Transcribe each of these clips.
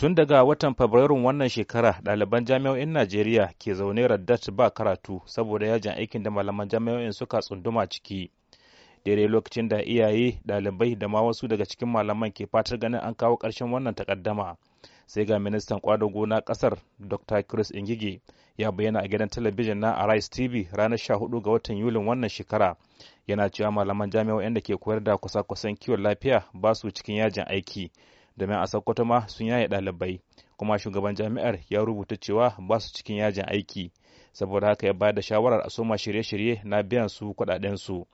Tun daga watan Fabrairun wannan shekara ɗaliban jami'o'in Najeriya ke zaune raddat ba karatu saboda yajin aikin da malaman jami'o'in suka tsunduma ciki. Daidai lokacin da iyaye, ɗalibai da ma wasu daga cikin malaman ke fatar ganin an kawo ƙarshen wannan takaddama. Sai ga ministan kwado gona ƙasar Dr. Chris Ingige ya bayyana a gidan talabijin na Arise TV ranar sha hudu ga watan Yulin wannan shekara. Yana cewa malaman jami'o'in da ke koyar da kwasa-kwasan kiwon lafiya ba su cikin yajin aiki. domin a Sokoto ma sun yaye ɗalibai kuma shugaban jami'ar ya rubuta cewa ba su cikin yajin aiki saboda haka ya da shawarar a soma shirye-shirye na biyan su kuɗaɗen su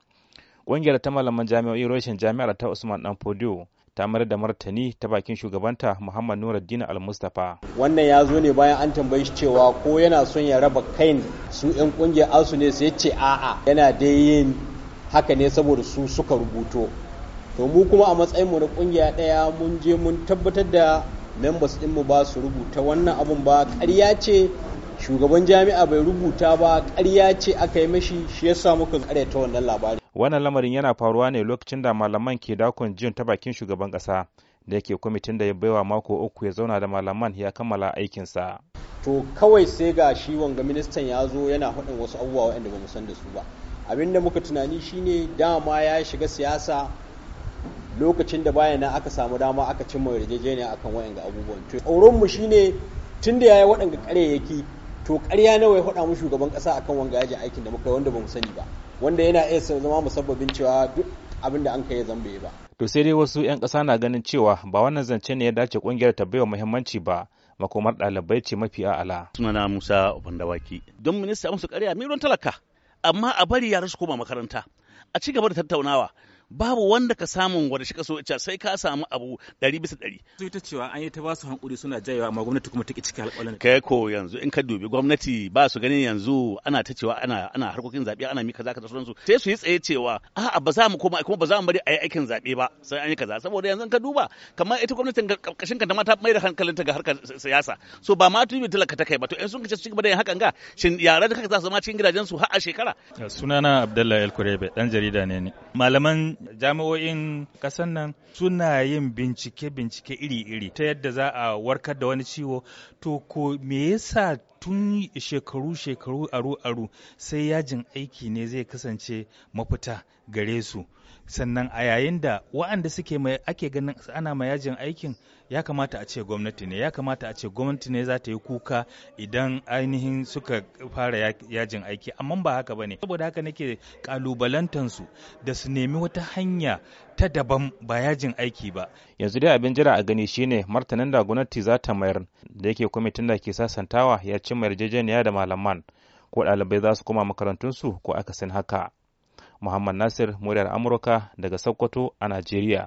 ƙungiyar ta malaman jami'o'i rashin jami'ar ta Usman Dan Fodio ta mayar da martani ta bakin shugabanta Muhammad Nuruddin Al-Mustafa. Wannan ya zo ne bayan an tambaye shi cewa ko yana son ya raba kain su 'yan ƙungiyar asu ne sai ce a'a yana dai yin haka ne saboda su suka rubuto to mu kuma a matsayin mu na kungiya daya mun je mun tabbatar da members din mu ba su rubuta wannan abun ba ƙarya ce shugaban jami'a bai rubuta ba ƙarya ce aka yi mashi shi yasa muka ta wannan labari wannan lamarin yana faruwa ne lokacin da malaman ke dakon jin ta bakin shugaban ƙasa da yake kwamitin da ya baiwa mako uku ya zauna da malaman ya kammala aikinsa to kawai sai ga shi wanga ministan ya zo yana haɗin wasu abubuwa waɗanda ba mu san da su ba abinda muka tunani shine dama ya shiga siyasa lokacin da bayan nan aka samu dama aka cimma yarjejeniya akan ga abubuwan to tsoron mu shine tun da yayi waɗanda karyayyaki to ƙarya nawa ya faɗa mu shugaban ƙasa akan wanga yaji aikin da muka wanda mu sani ba wanda yana iya zama musabbabin cewa duk abin da an kai ya ba to sai dai wasu 'yan ƙasa na ganin cewa ba wannan zance ne ya dace ƙungiyar ta baiwa muhimmanci ba makomar ɗalibai ce mafi a'ala. na Musa Bandawaki. Don minista musu ƙarya miliyon talaka, amma a bari yara su koma makaranta. A ci gaba da tattaunawa, babu wanda ka samun wanda shi kaso so ita sai ka samu abu ɗari bisa ɗari. Su ta cewa an yi ta ba su hankuri suna jayewa amma gwamnati kuma ta ki cika alƙawarin. Kai ko yanzu in ka dubi gwamnati ba su ganin yanzu ana ta cewa ana ana harkokin zaɓe ana mi kaza kaza sauransu sai su yi tsaye cewa a'a ba za mu koma kuma ba za mu bari a yi aikin zaɓe ba sai an yi kaza saboda yanzu in ka duba kamar ita gwamnatin ƙarƙashin ka da mata mai da hankalin ta ga harkar siyasa so ba ma tubi talaka ta kai ba to in sun kace su cigaba da yin hakan ga shin yara da kaka za su zama cikin gidajensu har a shekara. Sunana Abdullahi El Kurebe ɗan jarida ne ni. Malaman jami'o'in kasan nan suna yin bincike-bincike iri-iri ta yadda za a warkar da wani ciwo to ko me yasa tun shekaru shekaru aro aro sai yajin aiki ne zai kasance mafita gare su sannan a yayin da wa'anda suke ake ganin ana ma yajin aikin ya kamata a ce gwamnati ne ya kamata a ce gwamnati ne za ta yi kuka idan ainihin suka fara yajin aiki amma ba haka ba ne. saboda haka nake kalubalantansu da su nemi wata hanya ta daban ba yajin aiki ba yanzu dai abin jira a gani shine martanin da gwamnati za ta mayar da yake kwamitin da ke sasantawa ya ci cimma yarjejeniya da malaman ko ɗalibai za su koma makarantunsu ko akasin haka muhammad nasir muryar amurka daga sokoto a najeriya